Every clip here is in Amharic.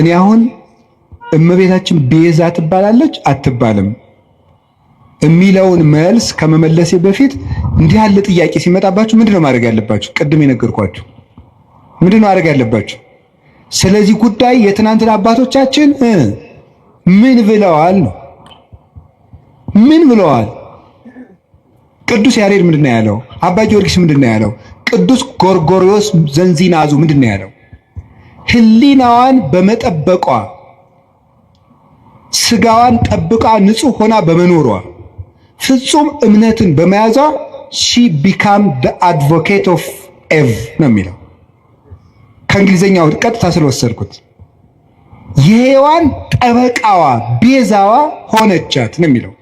እኔ አሁን እመቤታችን ቤዛ ትባላለች አትባልም የሚለውን መልስ ከመመለሴ በፊት እንዲህ ያለ ጥያቄ ሲመጣባችሁ ምንድነው ማድረግ ያለባችሁ? ቅድም የነገርኳችሁ ምንድነው ማድረግ ያለባችሁ? ስለዚህ ጉዳይ የትናንትና አባቶቻችን ምን ብለዋል ነው ምን ብለዋል? ቅዱስ ያሬድ ምንድነው ያለው? አባ ጊዮርጊስ ምንድነው ያለው? ቅዱስ ጎርጎሪዎስ ዘንዚናዙ ምንድነው ያለው? ህሊናዋን በመጠበቋ ስጋዋን ጠብቃ ንጹህ ሆና በመኖሯ ፍጹም እምነትን በመያዟ ሺ ቢካም ደ አድቮኬት ኦፍ ኤቭ ነው የሚለው ከእንግሊዝኛው ቀጥታ ስለወሰድኩት የሔዋን ጠበቃዋ ቤዛዋ ሆነቻት ነው የሚለው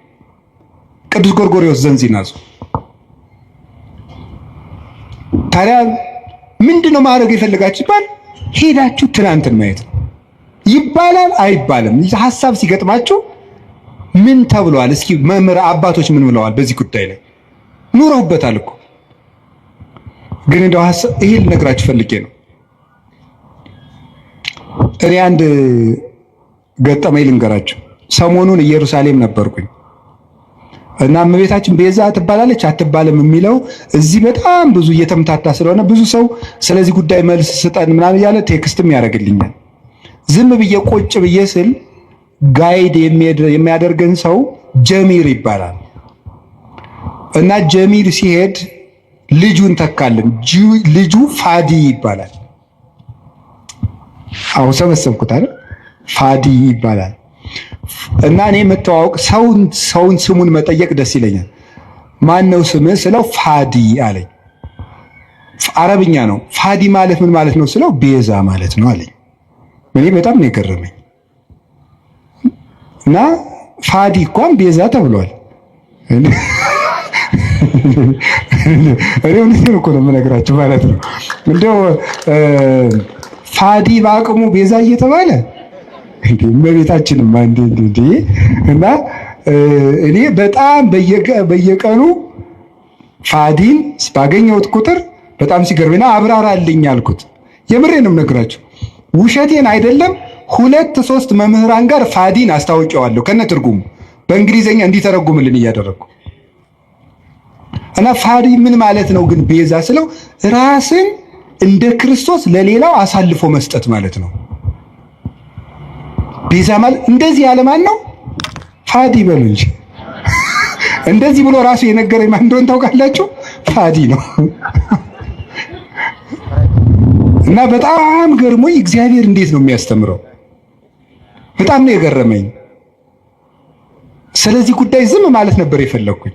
ቅዱስ ጎርጎርዮስ ዘንዚናዙ። ታዲያ ምንድን ነው ማድረግ ይባል? ሄዳችሁ ትናንትን ማየት ነው። ይባላል አይባልም፣ ሀሳብ ሲገጥማችሁ ምን ተብለዋል? እስኪ መምህር አባቶች ምን ብለዋል? በዚህ ጉዳይ ላይ ኑረውበታል እኮ ግን እንደው ሀሳብ ይሄን ልነግራችሁ ፈልጌ ነው። እኔ አንድ ገጠመኝ ልንገራችሁ። ሰሞኑን ኢየሩሳሌም ነበርኩኝ። እና እመቤታችን ቤዛ ትባላለች አትባልም የሚለው እዚህ በጣም ብዙ እየተምታታ ስለሆነ ብዙ ሰው ስለዚህ ጉዳይ መልስ ስጠን ምናምን እያለ ቴክስትም ያደርግልኛል። ዝም ብዬ ቁጭ ብዬ ስል ጋይድ የሚያደርገን ሰው ጀሚር ይባላል እና ጀሚር ሲሄድ ልጁን ተካልን። ልጁ ፋዲ ይባላል። አሁን ሰበሰብኩት አይደል? ፋዲ ይባላል። እና እኔ የምተዋወቅ ሰውን ስሙን መጠየቅ ደስ ይለኛል። ማን ነው ስምህ ስለው ፋዲ አለኝ። አረብኛ ነው። ፋዲ ማለት ምን ማለት ነው ስለው ቤዛ ማለት ነው አለኝ። እኔ በጣም ነው የገረመኝ። እና ፋዲ እንኳን ቤዛ ተብሏል። እኔ እውነቴን እኮ ነው የምነግራችሁ ማለት ነው። እንደው ፋዲ በአቅሙ ቤዛ እየተባለ እመቤታችንም እንዲ እና እኔ በጣም በየቀኑ ፋዲን ባገኘሁት ቁጥር በጣም ሲገርምና አብራራልኝ አልኩት። የምሬንም ነግራችሁ ውሸቴን አይደለም። ሁለት ሶስት መምህራን ጋር ፋዲን አስታውቀዋለሁ ከነ ትርጉሙ በእንግሊዘኛ እንዲተረጉምልን እያደረግኩ እና ፋዲ ምን ማለት ነው ግን ቤዛ ስለው ራስን እንደ ክርስቶስ ለሌላው አሳልፎ መስጠት ማለት ነው። ቤዛ ማለት እንደዚህ ያለ ማን ነው? ፋዲ በሉ እንጂ እንደዚህ ብሎ ራሱ የነገረኝ ማን እንደሆነ ታውቃላችሁ? ፋዲ ነው። እና በጣም ገርሞኝ እግዚአብሔር እንዴት ነው የሚያስተምረው? በጣም ነው የገረመኝ። ስለዚህ ጉዳይ ዝም ማለት ነበር የፈለግኩኝ።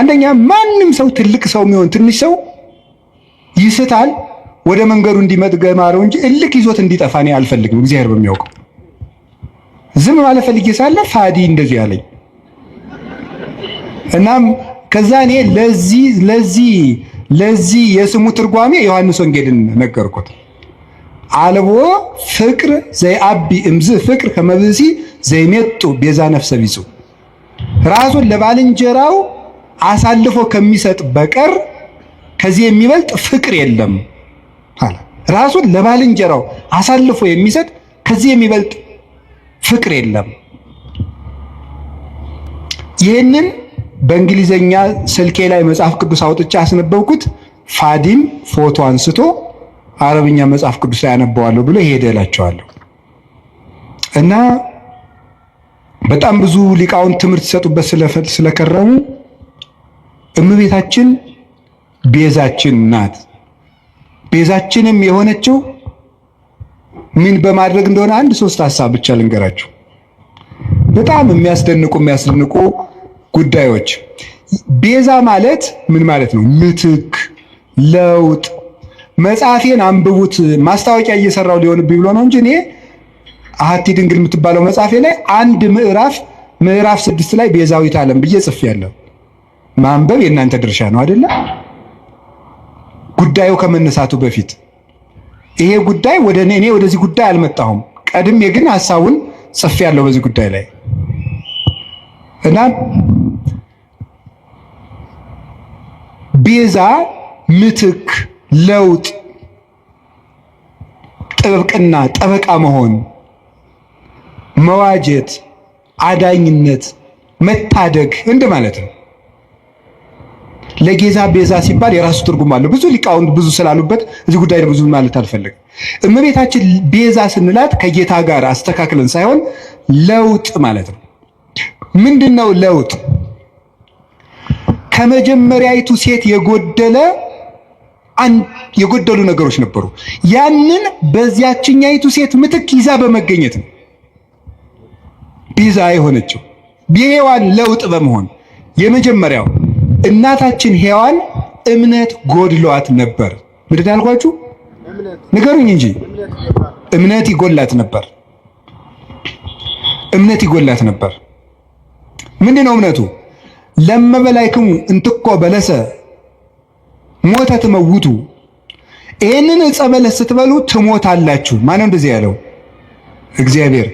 አንደኛ ማንም ሰው ትልቅ ሰው የሚሆን ትንሽ ሰው ይስታል፣ ወደ መንገዱ እንዲመጥ ገማረው እንጂ እልክ ይዞት እንዲጠፋ እኔ አልፈልግም። እግዚአብሔር በሚያውቀው ዝም ማለት ፈልጌ ሳለ ፋዲ እንደዚህ አለኝ። እናም ከዛ እኔ ለዚህ ለዚህ ለዚህ የስሙ ትርጓሜ ዮሐንስ ወንጌልን ነገርኩት። አልቦ ፍቅር ዘይ አቢ እምዝ ፍቅር ከመብሲ ዘይሜጡ ቤዛ ነፍሰ ቢጹ ራሱን ለባልንጀራው አሳልፎ ከሚሰጥ በቀር ከዚህ የሚበልጥ ፍቅር የለም አለ። ራሱን ለባልንጀራው አሳልፎ የሚሰጥ ከዚህ የሚበልጥ ፍቅር የለም። ይህንን በእንግሊዘኛ ስልኬ ላይ መጽሐፍ ቅዱስ አውጥቼ አስነበብኩት። ፋዲም ፎቶ አንስቶ አረብኛ መጽሐፍ ቅዱስ ላይ አነበዋለሁ ብሎ ይሄደ እላቸዋለሁ። እና በጣም ብዙ ሊቃውንት ትምህርት ሲሰጡበት ስለከረሙ እመቤታችን ቤዛችን ናት። ቤዛችንም የሆነችው ምን በማድረግ እንደሆነ አንድ ሶስት ሀሳብ ብቻ ልንገራችሁ። በጣም የሚያስደንቁ የሚያስደንቁ ጉዳዮች። ቤዛ ማለት ምን ማለት ነው? ምትክ፣ ለውጥ። መጽሐፌን አንብቡት። ማስታወቂያ እየሰራው ሊሆንብኝ ብሎ ነው እንጂ እኔ አሐቲ ድንግል የምትባለው መጽሐፌ ላይ አንድ ምዕራፍ ምዕራፍ ስድስት ላይ ቤዛዊት ዓለም ብዬ ጽፌያለሁ። ማንበብ የእናንተ ድርሻ ነው አይደለ? ጉዳዩ ከመነሳቱ በፊት ይሄ ጉዳይ ወደ እኔ ወደዚህ ጉዳይ አልመጣሁም። ቀድሜ ግን ሀሳቡን ጽፌ ያለው በዚህ ጉዳይ ላይ እና ቤዛ፣ ምትክ፣ ለውጥ፣ ጥብቅና፣ ጠበቃ መሆን፣ መዋጀት፣ አዳኝነት፣ መታደግ እንደ ማለት ነው። ለጌዛ ቤዛ ሲባል የራሱ ትርጉም አለው። ብዙ ሊቃውንት ብዙ ስላሉበት እዚህ ጉዳይ ብዙ ማለት አልፈልግም። እመቤታችን ቤዛ ስንላት ከጌታ ጋር አስተካክለን ሳይሆን ለውጥ ማለት ነው። ምንድን ነው ለውጥ? ከመጀመሪያይቱ ሴት የጎደለ የጎደሉ ነገሮች ነበሩ። ያንን በዚያችኛይቱ ሴት ምትክ ይዛ በመገኘት ነው ቤዛ የሆነችው ለውጥ በመሆን የመጀመሪያው እናታችን ሔዋን እምነት ጎድሏት ነበር። ምንድን ያልኳችሁ ንገሩኝ እንጂ እምነት ይጎላት ነበር። እምነት ይጎላት ነበር። ምንድን ነው እምነቱ? ለመበላይክሙ እንትኮ በለሰ ሞተ ትመውቱ፣ ይህንን ዕፀ በለስ ስትበሉ ትሞታላችሁ። ማነው እንደዚህ ያለው? እግዚአብሔር።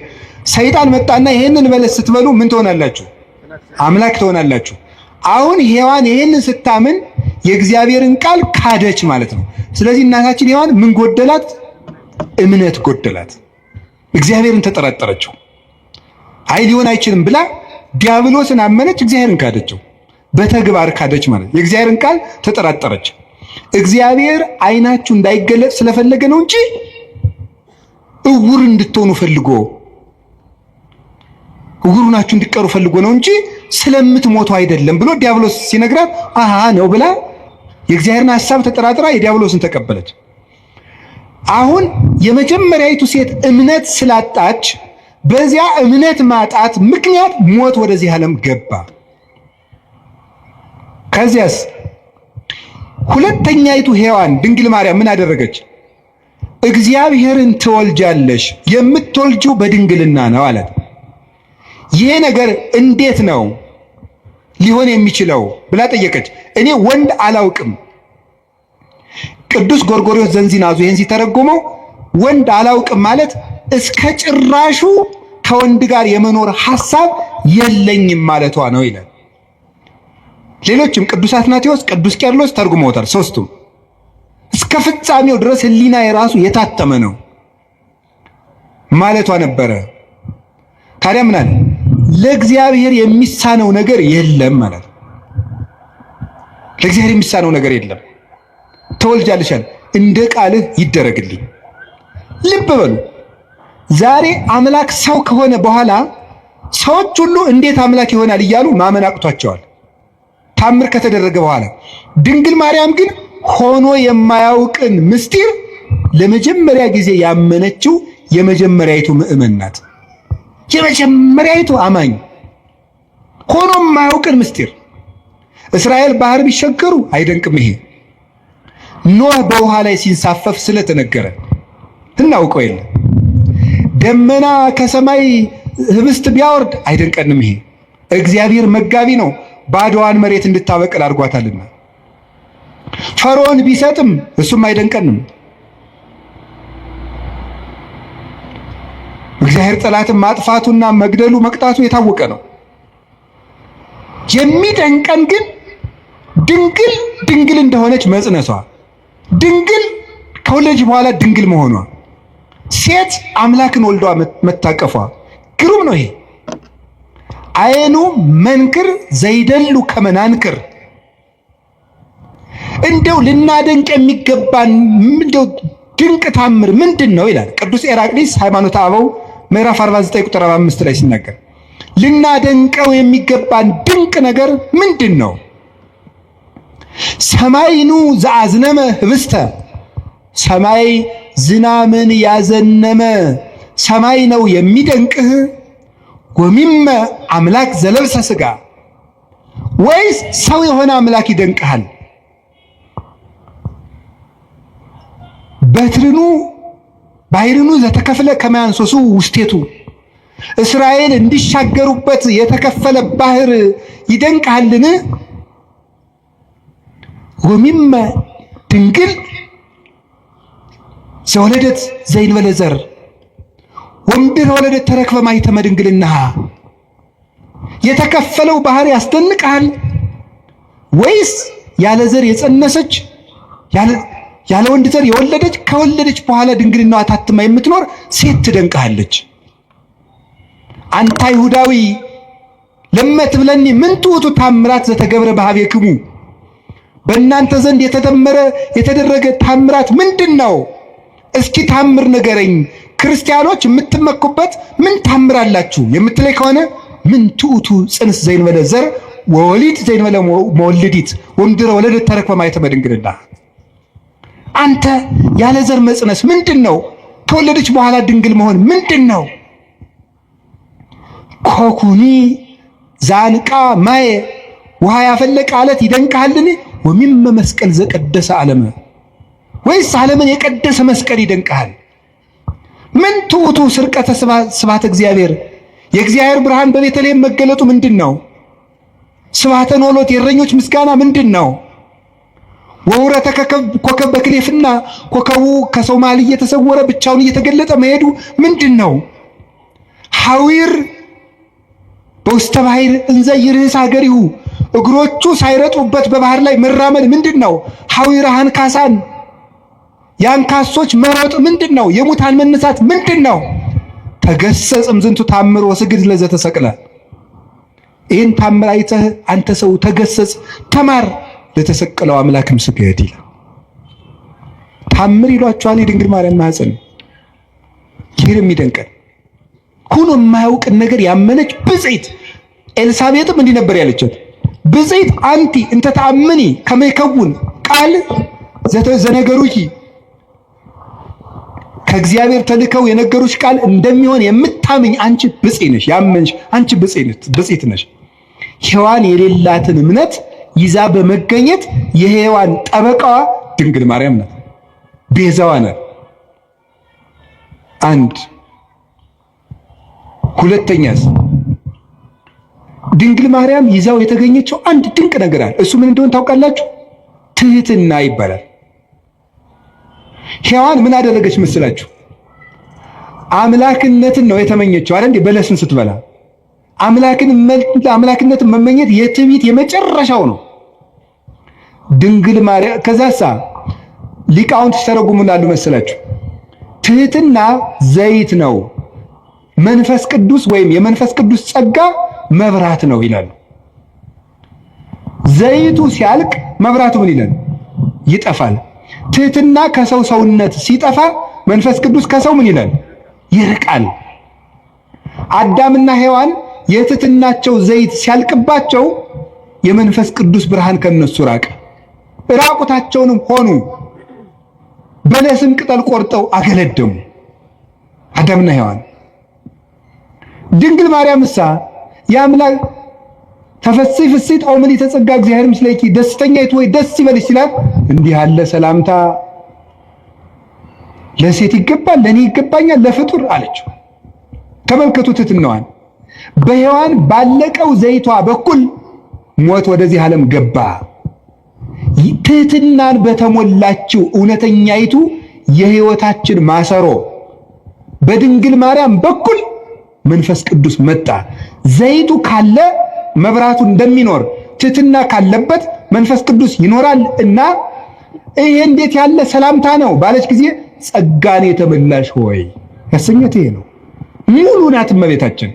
ሰይጣን መጣና ይህንን በለስ ስትበሉ ምን ትሆናላችሁ? አምላክ ትሆናላችሁ። አሁን ሔዋን ይሄንን ስታምን የእግዚአብሔርን ቃል ካደች ማለት ነው። ስለዚህ እናታችን ሔዋን ምን ጎደላት? እምነት ጎደላት። እግዚአብሔርን ተጠራጠረችው። አይ ሊሆን አይችልም ብላ ዲያብሎስን አመነች፣ እግዚአብሔርን ካደችው። በተግባር ካደች ማለት ነው። የእግዚአብሔርን ቃል ተጠራጠረች። እግዚአብሔር ዓይናችሁ እንዳይገለጽ ስለፈለገ ነው እንጂ እውር እንድትሆኑ ፈልጎ እውር እንድቀሩ እንዲቀሩ ፈልጎ ነው እንጂ ስለምትሞቱ አይደለም ብሎ ዲያብሎስ ሲነግራት አሃ ነው ብላ የእግዚአብሔርን ሐሳብ ተጠራጥራ የዲያብሎስን ተቀበለች። አሁን የመጀመሪያይቱ ሴት እምነት ስላጣች በዚያ እምነት ማጣት ምክንያት ሞት ወደዚህ ዓለም ገባ። ከዚያስ ሁለተኛይቱ ሔዋን ድንግል ማርያም ምን አደረገች? እግዚአብሔርን ትወልጃለሽ የምትወልጂው በድንግልና ነው አላት። ይሄ ነገር እንዴት ነው? ሊሆን የሚችለው ብላ ጠየቀች። እኔ ወንድ አላውቅም። ቅዱስ ጎርጎሪዎስ ዘንዚናዙ ይህን ሲተረጉመው ወንድ አላውቅም ማለት እስከ ጭራሹ ከወንድ ጋር የመኖር ሐሳብ የለኝም ማለቷ ነው ይላል። ሌሎችም ቅዱስ አትናቴዎስ፣ ቅዱስ ቄርሎስ ተርጉመውታል። ሶስቱም እስከ ፍጻሜው ድረስ ህሊና የራሱ የታተመ ነው ማለቷ ነበረ። ታዲያ ምን አለ? ለእግዚአብሔር የሚሳነው ነገር የለም ማለት ነው። ለእግዚአብሔር የሚሳነው ነገር የለም። ተወልጃልሻል፣ እንደ ቃልህ ይደረግልኝ። ልብ በሉ። ዛሬ አምላክ ሰው ከሆነ በኋላ ሰዎች ሁሉ እንዴት አምላክ ይሆናል እያሉ ማመን አቅቷቸዋል። ታምር ከተደረገ በኋላ ድንግል ማርያም ግን ሆኖ የማያውቅን ምስጢር ለመጀመሪያ ጊዜ ያመነችው የመጀመሪያይቱ ምዕመን ናት። የመጀመሪያይቱ አማኝ ሆኖም ማያውቅን ምስጢር እስራኤል ባህር ቢሸገሩ አይደንቅም ይሄ ኖህ በውሃ ላይ ሲንሳፈፍ ስለተነገረ እናውቀው የለም። ደመና ከሰማይ ህብስት ቢያወርድ አይደንቀንም ይሄ እግዚአብሔር መጋቢ ነው፣ ባዶዋን መሬት እንድታበቅል አድርጓታልና። ፈርዖን ቢሰጥም እሱም አይደንቀንም። እግዚአብሔር ጠላትን ማጥፋቱና መግደሉ መቅጣቱ የታወቀ ነው። የሚደንቀን ግን ድንግል ድንግል እንደሆነች መጽነሷ ድንግል ከወለደች በኋላ ድንግል መሆኗ፣ ሴት አምላክን ወልዷ መታቀፏ ግሩም ነው። ይሄ አይኑ መንክር ዘይደሉ ከመናንክር እንደው ልናደንቅ የሚገባን እንደው ድንቅ ታምር ምንድን ነው ይላል ቅዱስ ኤራቅሊስ ሃይማኖተ አበው ምዕራፍ 49 ቁጥር 45 ላይ ሲናገር ልናደንቀው የሚገባን ድንቅ ነገር ምንድን ነው? ሰማይኑ ዘአዝነመ ህብስተ ሰማይ ዝናምን ያዘነመ ሰማይ ነው የሚደንቅህ? ወሚመ አምላክ ዘለብሰ ስጋ ወይስ ሰው የሆነ አምላክ ይደንቅሃል? በትርኑ ባሕርኑ ዘተከፍለ ከመያንሶሱ ውስቴቱ እስራኤል እንዲሻገሩበት የተከፈለ ባህር ይደንቃልን? ወሚመ ድንግል ዘወለደት ዘይንበለ ዘር ወምድር ወለደት ተረክበ ማይተመ ድንግልና የተከፈለው ባህር ያስደንቃል ወይስ ያለ ዘር የጸነሰች ያለ ወንድ ዘር የወለደች ከወለደች በኋላ ድንግልናዋ ታትማ የምትኖር ሴት ትደንቅሃለች። አንታ ይሁዳዊ ብለኒ ምን ውእቱ ታምራት ዘተገብረ በኀቤክሙ፣ በእናንተ ዘንድ የተደመረ የተደረገ ታምራት ምንድን ነው? እስኪ ታምር ንገረኝ። ክርስቲያኖች የምትመኩበት ምን ታምራላችሁ የምትለይ ከሆነ ምን ውእቱ ጽንስ ዘይንበለ ዘር ወወሊድ ዘይንበለ መወልዲት ወምድረ ወለደት ተረክበ ማኅተመ ድንግልና አንተ ያለ ዘር መጽነስ ምንድን ነው? ከወለደች በኋላ ድንግል መሆን ምንድን ነው? ኮኩኒ ዛንቃ ማየ ውሃ ያፈለቀ አለት ይደንቅሃልን? ወሚመ መስቀል ዘቀደሰ ዓለም ወይስ ዓለምን የቀደሰ መስቀል ይደንቅሃል? ምን ትውቱ ስርቀተ ስብሐተ እግዚአብሔር የእግዚአብሔር ብርሃን በቤተልሔም መገለጡ ምንድን ነው? ስብሐተ ኖሎት የእረኞች ምስጋና ምንድን ነው? ወውረተ ኮከብ በክሌፍና ኮከቡ ከሶማሊ እየተሰወረ ብቻውን እየተገለጠ መሄዱ ምንድን ነው? ሐዊር በውስተ ባሕር እንዘ ይርህስ ሀገሪሁ እግሮቹ ሳይረጡበት በባህር ላይ መራመድ ምንድን ነው? አንካሳን ካሳን የአንካሶች መሮጥ ምንድን ነው? የሙታን መነሳት ምንድን ነው? ተገሰጽም ዝንቱ ታምር ወስግድ ለዘተሰቅለ ይህን ታምር አይተህ አንተ ሰው ተገሰጽ፣ ተማር። ለተሰቀለው አምላክም ስገድ ይላል። ታምር ይሏቸዋል የድንግል ማርያም ማህፀን። ይህን የሚደንቀን ሁኖ የማያውቅን ነገር ያመነች ብጽት ኤልሳቤጥም እንዲህ ነበር ያለቻት፣ አንቲ እንተ ተአምኒ ከመ ይከውን ቃል ዘነገሩኪ ከእግዚአብሔር ተልከው የነገሩሽ ቃል እንደሚሆን የምታምኝ አንቺ ብፅዕት ነሽ። ያመንሽ አንቺ ብፅዕት ነሽ። ሔዋን የሌላትን እምነት ይዛ በመገኘት የሔዋን ጠበቃዋ ድንግል ማርያም ናት፣ ቤዛዋ ናት። አንድ ሁለተኛስ ድንግል ማርያም ይዛው የተገኘችው አንድ ድንቅ ነገር አለ። እሱ ምን እንደሆነ ታውቃላችሁ? ትህትና ይባላል። ሔዋን ምን አደረገች መስላችሁ? አምላክነትን ነው የተመኘችው አይደል? በለስን ስትበላ አምላክን አምላክነት መመኘት የትዕቢት የመጨረሻው ነው። ድንግል ማርያም ከዛሳ ሊቃውንት ሲተረጉሙናሉ መሰላችሁ ትህትና ዘይት ነው፣ መንፈስ ቅዱስ ወይም የመንፈስ ቅዱስ ጸጋ መብራት ነው ይላሉ። ዘይቱ ሲያልቅ መብራቱ ምን ይላል? ይጠፋል። ትህትና ከሰው ሰውነት ሲጠፋ መንፈስ ቅዱስ ከሰው ምን ይላል? ይርቃል። አዳምና ሔዋን የትትናቸው ዘይት ሲያልቅባቸው የመንፈስ ቅዱስ ብርሃን ከነሱ ራቀ። ራቁታቸውንም ሆኑ። በለስም ቅጠል ቆርጠው አገለደሙ አዳምና ሔዋን። ድንግል ማርያምሳ የአምላክ ተፈሲ ፍሲት ኦምሊ ተጸጋ እግዚአብሔር ምስሌኪ ደስተኛይቱ ወይ ደስ ይበልሽ ሲላት እንዲህ አለ ሰላምታ ለሴት ይገባል፣ ለእኔ ይገባኛል፣ ለፍጡር አለችው። ተመልከቱ ትሕትናዋን በሔዋን ባለቀው ዘይቷ በኩል ሞት ወደዚህ ዓለም ገባ። ትህትናን በተሞላችው እውነተኛይቱ የሕይወታችን ማሰሮ በድንግል ማርያም በኩል መንፈስ ቅዱስ መጣ። ዘይቱ ካለ መብራቱ እንደሚኖር ትህትና ካለበት መንፈስ ቅዱስ ይኖራል እና ይሄ እንዴት ያለ ሰላምታ ነው ባለች ጊዜ ጸጋን የተመላሽ ሆይ ያሰኘት ይሄ ነው። ሙሉ ናት እመቤታችን።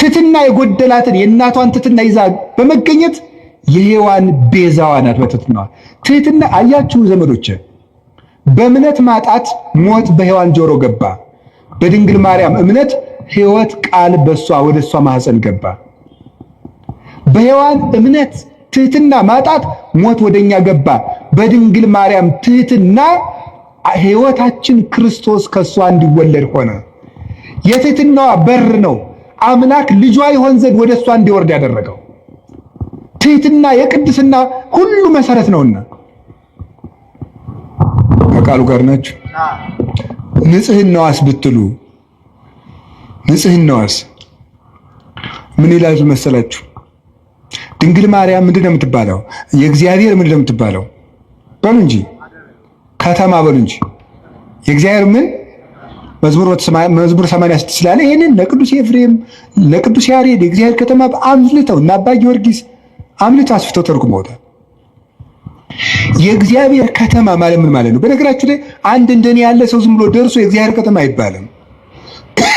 ትትና የጎደላትን የእናቷን ትትና ይዛ በመገኘት የሔዋን ቤዛዋ ናት። በትትና ትትና አያችሁ ዘመዶች፣ በእምነት ማጣት ሞት በሔዋን ጆሮ ገባ። በድንግል ማርያም እምነት ሕይወት ቃል በሷ ወደ እሷ ማህፀን ገባ። በሔዋን እምነት ትህትና ማጣት ሞት ወደኛ ገባ። በድንግል ማርያም ትህትና ሕይወታችን ክርስቶስ ከእሷ እንዲወለድ ሆነ። የትህትናዋ በር ነው አምላክ ልጇ ይሆን ዘንድ ወደ እሷ እንዲወርድ ያደረገው ትህትና የቅድስና ሁሉ መሰረት ነውና ከቃሉ ጋር ናችሁ። ንጽህናዋስ ብትሉ ንጽህናዋስ ምን ይላል መሰላችሁ? ድንግል ማርያም ምንድን ነው የምትባለው? የእግዚአብሔር ምንድን ነው የምትባለው? በሉ እንጂ ከተማ በሉ እንጂ የእግዚአብሔር ምን መዝሙር 86 ስላለ ይህንን ለቅዱስ ኤፍሬም ለቅዱስ ያሬድ የእግዚአብሔር ከተማ አምልተው እና አባ ጊዮርጊስ አምልተው አስፍተው ተርጉመውታል። የእግዚአብሔር ከተማ ማለት ምን ማለት ነው? በነገራችሁ ላይ አንድ እንደኔ ያለ ሰው ዝም ብሎ ደርሶ የእግዚአብሔር ከተማ አይባልም።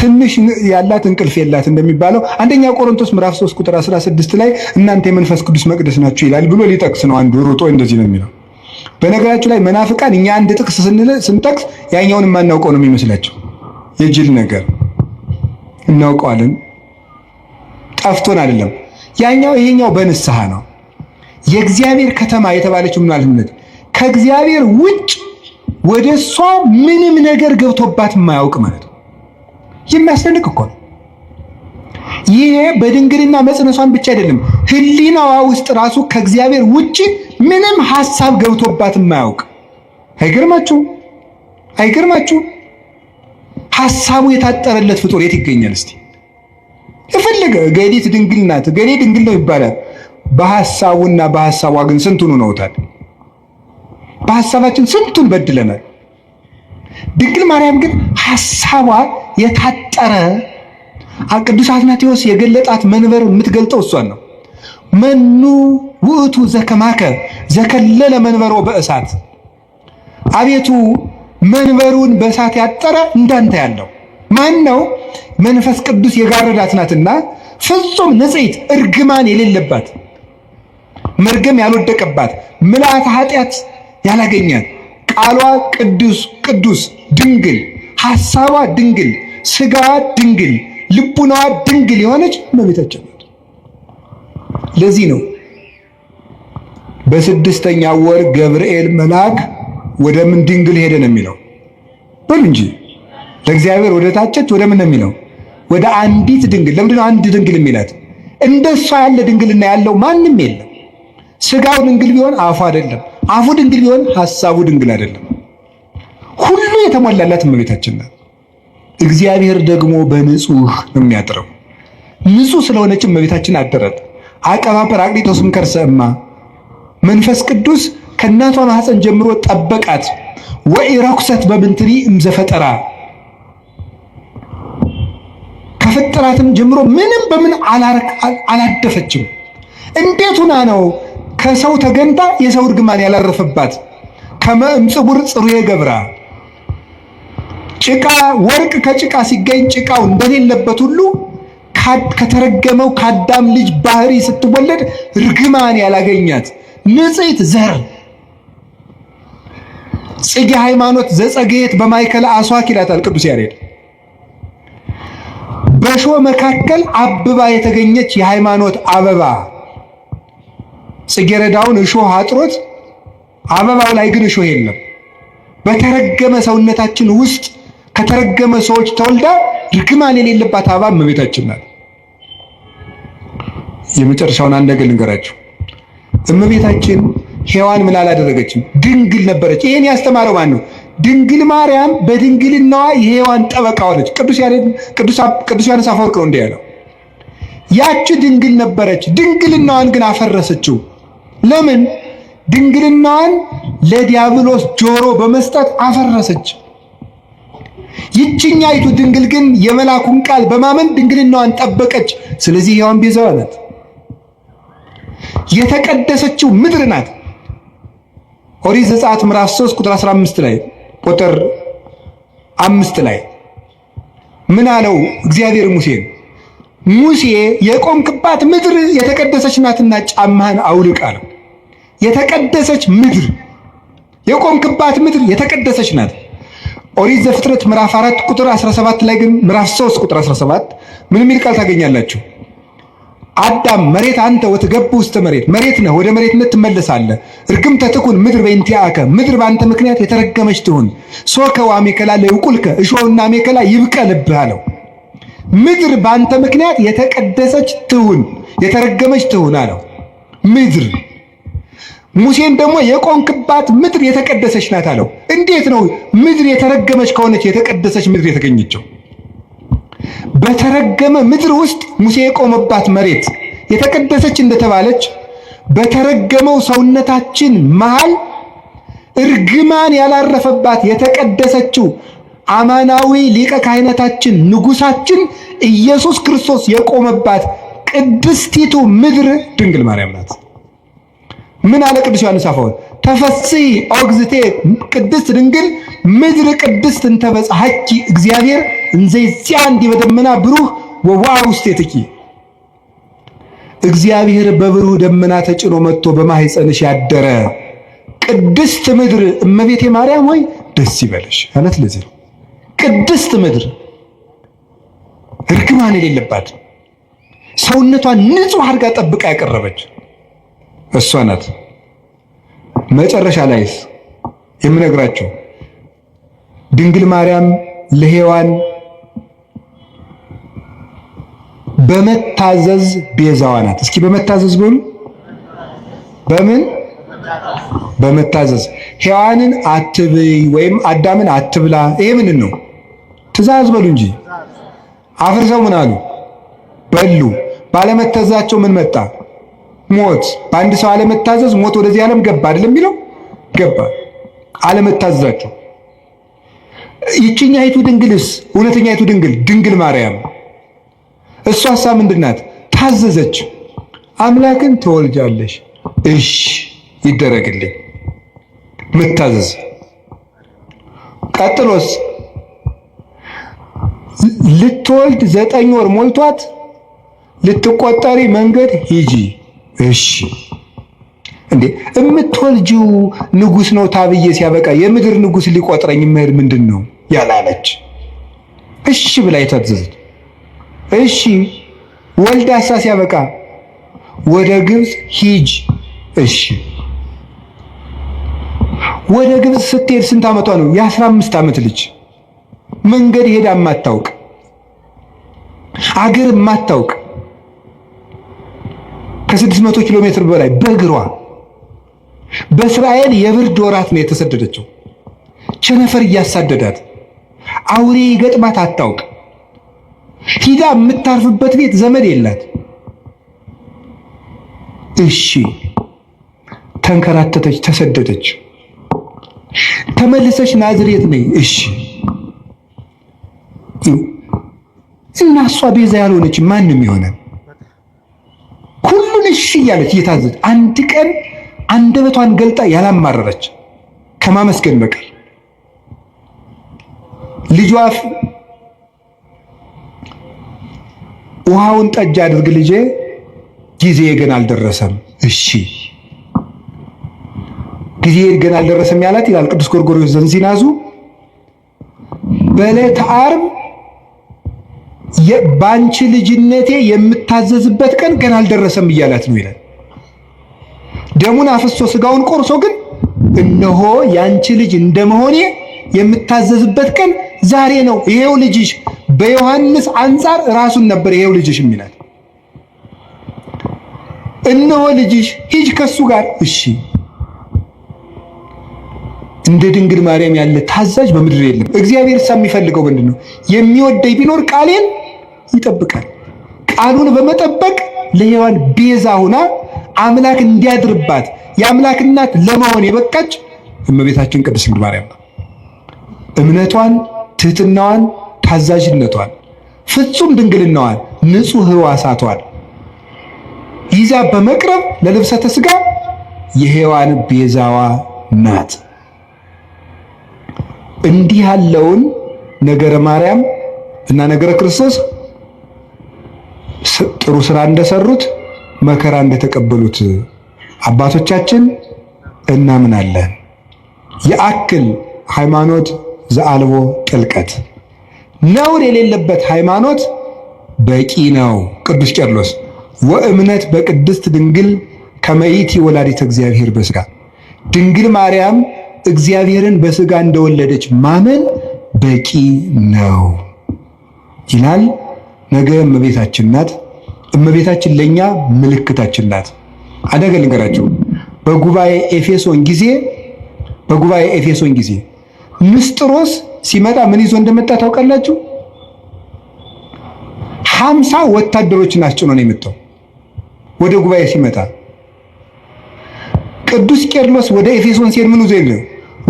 ትንሽ ያላት እንቅልፍ የላት እንደሚባለው አንደኛ ቆሮንቶስ ምዕራፍ 3 ቁጥር 16 ላይ እናንተ የመንፈስ ቅዱስ መቅደስ ናችሁ ይላል ብሎ ሊጠቅስ ነው። አንዱ ሩጦ እንደዚህ ነው የሚለው በነገራችሁ ላይ መናፍቃን እኛ አንድ ጥቅስ ስንጠቅስ ያኛውን የማናውቀው ነው የሚመስላቸው። የጅል ነገር እናውቀዋለን። ጠፍቶን አይደለም። ያኛው ይሄኛው በንስሐ ነው። የእግዚአብሔር ከተማ የተባለችው ምን ማለት ከእግዚአብሔር ውጭ ወደ እሷ ምንም ነገር ገብቶባት የማያውቅ ማለት ነው። የሚያስደንቅ እኮ ነው። ይሄ በድንግልና መጽነሷን ብቻ አይደለም፣ ህሊናዋ ውስጥ ራሱ ከእግዚአብሔር ውጭ ምንም ሐሳብ ገብቶባት የማያውቅ አይገርማችሁ? አይገርማችሁ? ሐሳቡ የታጠረለት ፍጡር የት ይገኛል? እስቲ የፈለገ ገዴት ድንግል ናት፣ ድንግል ነው ይባላል። በሐሳቡና በሐሳቧ ግን ስንቱን ነውታል በሐሳባችን ስንቱን በድለናል። ድንግል ማርያም ግን ሐሳቧ የታጠረ ቅዱስ አትናቴዎስ የገለጣት መንበር የምትገልጠው እሷን ነው መኑ ውእቱ ዘከማከ ዘከለለ መንበሮ በእሳት አቤቱ መንበሩን በእሳት ያጠረ እንዳንተ ያለው ማን ነው? መንፈስ ቅዱስ የጋረዳት ናትና ፍጹም ንጽሕት እርግማን የሌለባት መርገም ያልወደቀባት ምልአተ ኃጢአት ያላገኛት ቃሏ ቅዱስ ቅዱስ ድንግል ሐሳቧ ድንግል ስጋዋ ድንግል ልቡናዋ ድንግል የሆነች እመቤታችን ናት። ለዚህ ነው በስድስተኛ ወር ገብርኤል መልአክ ወደ ምን ድንግል ሄደ ነው የሚለው? በሉ እንጂ ለእግዚአብሔር ወደ ታጨች ወደ ምን ነው የሚለው? ወደ አንዲት ድንግል። ለምንድን ነው አንድ ድንግል የሚላት? እንደሷ ያለ ድንግልና ያለው ማንም የለም። ስጋው ድንግል ቢሆን አፉ አይደለም፣ አፉ ድንግል ቢሆን ሐሳቡ ድንግል አይደለም። ሁሉ የተሞላላት እመቤታችን ናት። እግዚአብሔር ደግሞ በንጹህ ነው የሚያጥረው። ንጹህ ስለሆነች እመቤታችን አደረት። አቀባበር አቅሊጦስም ከርሰ እማ መንፈስ ቅዱስ ከእናቷ ማህፀን ጀምሮ ጠበቃት። ወይ ረኩሰት በምንትኒ እምዘፈጠራ ከፈጠራትም ጀምሮ ምንም በምን አላደፈችም። እንዴት ሁና ነው ከሰው ተገንታ የሰው እርግማን ያላረፈባት? ከመእም ጽቡር ጽሩዬ ገብራ ጭቃ ወርቅ ከጭቃ ሲገኝ ጭቃው እንደሌለበት ሁሉ ከተረገመው ከአዳም ልጅ ባህሪ ስትወለድ እርግማን ያላገኛት ንጽሕት ዘር ጽጌ ሃይማኖት ዘጸገየት በማይከለ አስዋክ ይላታል ቅዱስ ያሬድ። በእሾህ መካከል አብባ የተገኘች የሃይማኖት አበባ ጽጌረዳውን እሾህ አጥሮት አበባው ላይ ግን እሾህ የለም። በተረገመ ሰውነታችን ውስጥ ከተረገመ ሰዎች ተወልዳ ርግማን የሌለባት አበባ እመቤታችን ናት። የመጨረሻውን አንድ ነገር ልንገራችሁ። እመቤታችን ሔዋን ምን አላደረገችም? ድንግል ነበረች። ይሄን ያስተማረው ማን ነው? ድንግል ማርያም በድንግልናዋ የሔዋን ጠበቃ ሆነች። ቅዱስ ያሬድ ቅዱስ ዮሐንስ አፈወርቅ ነው እንዲህ ያለው። ያቺ ድንግል ነበረች፣ ድንግልናዋን ግን አፈረሰችው። ለምን? ድንግልናዋን ለዲያብሎስ ጆሮ በመስጠት አፈረሰች። ይችኛይቱ ድንግል ግን የመላኩን ቃል በማመን ድንግልናዋን ጠበቀች። ስለዚህ ሔዋን ቤዛዋ ናት። የተቀደሰችው ምድር ናት። ኦሪት ዘጸአት ምዕራፍ 3 ቁጥር 15 ላይ ቁጥር አምስት ላይ ምን አለው እግዚአብሔር ሙሴን? ሙሴ የቆምክባት ምድር የተቀደሰች ናትና ጫማህን አውልቅ አለው። የተቀደሰች ምድር የቆምክባት ምድር የተቀደሰች ናት። ኦሪት ዘፍጥረት ምዕራፍ 4 ቁጥር 17 ላይ ግን ምዕራፍ 3 ቁጥር 17 ምን የሚል ቃል ታገኛላችሁ? አዳም መሬት አንተ ወትገብ ውስጥ መሬት መሬት ነህ፣ ወደ መሬትነት ትመለሳለህ። እርግም ተትኩን ምድር በእንቲአከ ምድር በአንተ ምክንያት የተረገመች ትሁን። ሶከዋ ሜከላ ለይቁልከ እሾውና አሜከላ ይብቀልብህ አለው። ምድር በአንተ ምክንያት የተቀደሰች ትሁን፣ የተረገመች ትሁን አለው። ምድር ሙሴን ደግሞ የቆንክባት ምድር የተቀደሰች ናት አለው። እንዴት ነው ምድር የተረገመች ከሆነች የተቀደሰች ምድር የተገኘችው? በተረገመ ምድር ውስጥ ሙሴ የቆመባት መሬት የተቀደሰች እንደተባለች በተረገመው ሰውነታችን መሃል እርግማን ያላረፈባት የተቀደሰችው አማናዊ ሊቀ ካህናታችን ንጉሳችን ኢየሱስ ክርስቶስ የቆመባት ቅድስቲቱ ምድር ድንግል ማርያም ናት። ምን አለ ቅዱስ ዮሐንስ አፈወርቅ ተፈሲ ኦግዝቴ ቅድስት ድንግል ምድር ቅድስት እንተ በጽሐኪ እግዚአብሔር እንዘይዚያ እንዲህ በደመና ብሩህ ወዋው ውስጥ የትኪ እግዚአብሔር በብሩህ ደመና ተጭኖ መጥቶ በማህፀንሽ ያደረ ቅድስት ምድር እመቤቴ ማርያም ወይ ደስ ይበልሽ አለት ለዚህ ቅድስት ምድር እርግማን የሌለባት ሰውነቷን ንጹሕ አድርጋ ጠብቃ ያቀረበች እሷ ናት። መጨረሻ ላይስ የምነግራቸው ድንግል ማርያም ለሔዋን በመታዘዝ ቤዛዋ ናት። እስኪ በመታዘዝ በሉ። በምን በመታዘዝ ሔዋንን አትበይ ወይም አዳምን አትብላ። ይሄ ምንድን ነው? ትእዛዝ በሉ እንጂ አፍርሰው ምን አሉ? በሉ። ባለመታዘዛቸው ምን መጣ? ሞት በአንድ ሰው አለመታዘዝ ሞት ወደዚህ ዓለም ገባ አይደለም የሚለው ገባ አለመታዘዛቸው ይችኛይቱ አይቱ ድንግልስ እውነተኛ አይቱ ድንግል ድንግል ማርያም እሷ ሐሳብ ምንድን ታዘዘች አምላክን ትወልጃለሽ እሽ ይደረግልኝ መታዘዝ ቀጥሎስ ልትወልድ ዘጠኝ ወር ሞልቷት ልትቆጠሪ መንገድ ሂጂ እሺ እንዴ እምትወልጂው ንጉስ ነው ታብዬ ሲያበቃ የምድር ንጉስ ሊቆጥረኝ መሄድ ምንድን ነው ያላለች። እሺ ብላ የታዘዘች እሺ ወልዳ ሲያበቃ ወደ ግብፅ ሂጅ። እሺ ወደ ግብፅ ስትሄድ ስንት ዓመቷ ነው? የአስራ አምስት ዓመት ልጅ መንገድ ሄዳ ማታውቅ አገር ማታውቅ ከ600 ኪሎ ሜትር በላይ በእግሯ በእስራኤል የብርድ ወራት ነው የተሰደደችው። ቸነፈር እያሳደዳት አውሬ ገጥማት አታውቅ። ሂዳ የምታርፍበት ቤት ዘመድ የላት። እሺ ተንከራተተች፣ ተሰደደች። ተመልሰች ናዝሬት ነኝ። እሺ እና እሷ ቤዛ ያልሆነች ማንም ይሆናል። ሁሉን እሺ እያለች እየታዘች አንድ ቀን አንደበቷን ገልጣ ያላማረረች ከማመስገን በቀር ልጇ ውሃውን ጠጅ አድርግ ልጄ፣ ጊዜ ግን አልደረሰም። እሺ ጊዜ ግን አልደረሰም ያላት ይላል ቅዱስ ጎርጎርዮስ ዘንዚናዙ በዕለተ ዓርብ በአንቺ ልጅነቴ የምታዘዝበት ቀን ገና አልደረሰም እያላት ነው ይላል። ደሙን አፍሶ ስጋውን ቆርሶ ግን እነሆ የአንቺ ልጅ እንደመሆኔ የምታዘዝበት ቀን ዛሬ ነው፣ ይሄው ልጅሽ። በዮሐንስ አንጻር ራሱን ነበር ይሄው ልጅሽ የሚላት። እነሆ ልጅሽ፣ ሂጅ ከሱ ጋር እሺ። እንደ ድንግል ማርያም ያለ ታዛዥ በምድር የለም። እግዚአብሔር እሳ የሚፈልገው ምንድን ነው? የሚወደኝ ቢኖር ቃሌን ይጠብቃል። ቃሉን በመጠበቅ ለሔዋን ቤዛ ሆና አምላክ እንዲያድርባት የአምላክ እናት ለመሆን የበቃች እመቤታችን ቅድስት ድንግል ማርያም ነው። እምነቷን፣ ትህትናዋን፣ ታዛዥነቷን፣ ፍጹም ድንግልናዋን፣ ንጹሕ ሕዋሳቷን ይዛ በመቅረብ ለልብሰተ ስጋ የሔዋን ቤዛዋ ናት። እንዲህ ያለውን ነገረ ማርያም እና ነገረ ክርስቶስ ጥሩ ስራ እንደሰሩት መከራ እንደተቀበሉት አባቶቻችን እናምናለን። የአክል ሃይማኖት ዘአልቦ ጥልቀት ነውር የሌለበት ሃይማኖት በቂ ነው። ቅዱስ ቄርሎስ ወእምነት በቅድስት ድንግል ከመይት ወላዲት እግዚአብሔር በስጋ ድንግል ማርያም እግዚአብሔርን በስጋ እንደወለደች ማመን በቂ ነው ይላል። ነገ እመቤታችን ናት። እመቤታችን ለእኛ ምልክታችን ናት። አደገ ልንገራቸው በጉባኤ ኤፌሶን ጊዜ በጉባኤ ኤፌሶን ጊዜ ንስጥሮስ ሲመጣ ምን ይዞ እንደመጣ ታውቃላችሁ? ሀምሳ ወታደሮችን አስጭኖ ነው የመጣው ወደ ጉባኤ ሲመጣ። ቅዱስ ቄርሎስ ወደ ኤፌሶን ሲሄድ ምን ይዞ የለ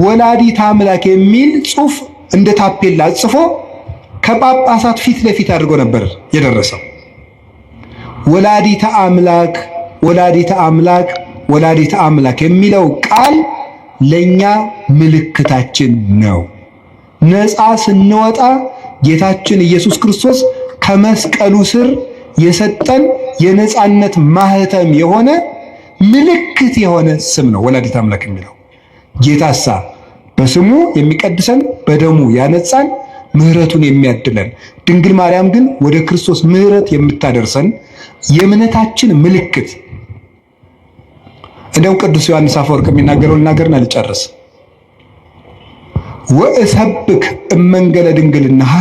ወላዲተ አምላክ የሚል ጽሑፍ እንደ ታፔላ ጽፎ ከጳጳሳት ፊት ለፊት አድርጎ ነበር የደረሰው። ወላዲተ አምላክ ወላዲተ አምላክ ወላዲተ አምላክ የሚለው ቃል ለኛ ምልክታችን ነው። ነፃ ስንወጣ ጌታችን ኢየሱስ ክርስቶስ ከመስቀሉ ስር የሰጠን የነፃነት ማህተም የሆነ ምልክት የሆነ ስም ነው ወላዲተ አምላክ የሚለው ጌታሳ በስሙ የሚቀድሰን በደሙ ያነጻን ምሕረቱን የሚያድለን ድንግል ማርያም ግን ወደ ክርስቶስ ምሕረት የምታደርሰን የእምነታችን ምልክት እንደው ቅዱስ ዮሐንስ አፈወርቅ የሚናገረው ልናገርና ልጨርስ። ወእሰብክ እመንገለ ድንግልናሃ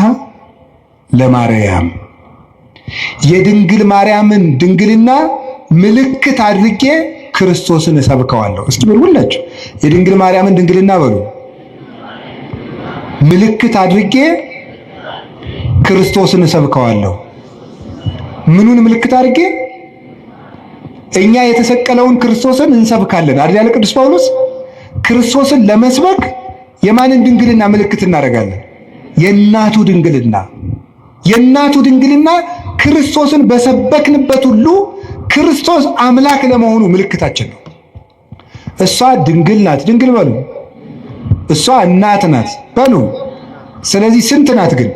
ለማርያም የድንግል ማርያምን ድንግልና ምልክት አድርጌ ክርስቶስን እሰብከዋለሁ። እስኪ በሉ ሁላችሁ የድንግል ማርያምን ድንግልና በሉ። ምልክት አድርጌ ክርስቶስን እሰብከዋለሁ። ምኑን ምልክት አድርጌ? እኛ የተሰቀለውን ክርስቶስን እንሰብካለን አይደል? ያለ ቅዱስ ጳውሎስ ክርስቶስን ለመስበክ የማንን ድንግልና ምልክት እናደርጋለን? የእናቱ ድንግልና። የእናቱ ድንግልና ክርስቶስን በሰበክንበት ሁሉ ክርስቶስ አምላክ ለመሆኑ ምልክታችን ነው። እሷ ድንግል ናት። ድንግል በሉ እሷ እናት ናት በሉ። ስለዚህ ስንት ናት ግን?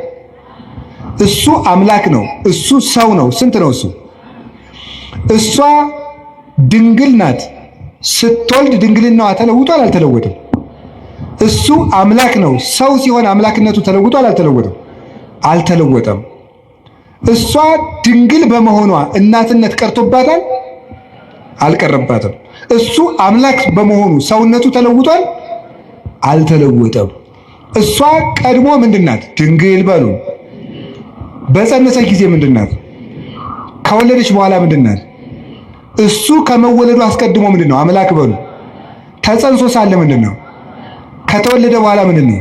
እሱ አምላክ ነው፣ እሱ ሰው ነው። ስንት ነው እሱ? እሷ ድንግል ናት። ስትወልድ ድንግልናዋ ተለውጧል አልተለወጠም? እሱ አምላክ ነው። ሰው ሲሆን አምላክነቱ ተለውጧል አልተለወጠም? አልተለወጠም። እሷ ድንግል በመሆኗ እናትነት ቀርቶባታል? አልቀረባትም። እሱ አምላክ በመሆኑ ሰውነቱ ተለውጧል አልተለወጠም። እሷ ቀድሞ ምንድናት? ድንግል በሉ። በጸነሰች ጊዜ ምንድናት? ከወለደች በኋላ ምንድናት? እሱ ከመወለዱ አስቀድሞ ምንድነው? አምላክ በሉ። ተጸንሶ ሳለ ምንድነው? ከተወለደ በኋላ ምንድነው?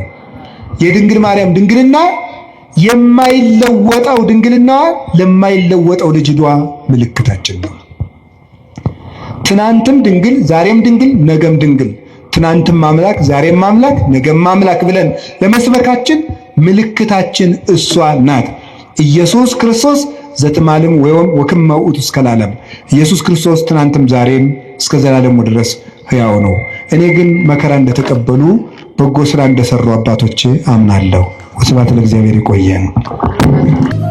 የድንግል ማርያም ድንግልና የማይለወጠው ድንግልና ለማይለወጠው ልጅዷ ምልክታችን ነው። ትናንትም ድንግል፣ ዛሬም ድንግል፣ ነገም ድንግል ትናንትም ማምላክ ዛሬም ማምላክ ነገም ማምላክ ብለን ለመስበካችን ምልክታችን እሷ ናት። ኢየሱስ ክርስቶስ ዘትማልም ወይም ወክመ ውእቱ እስከ ለዓለም ኢየሱስ ክርስቶስ ትናንትም ዛሬም እስከ ዘላለሙ ድረስ ሕያው ነው። እኔ ግን መከራ እንደተቀበሉ በጎ ስራ እንደሰሩ አባቶቼ አምናለሁ። ወስብሐት ለእግዚአብሔር። ይቆየን።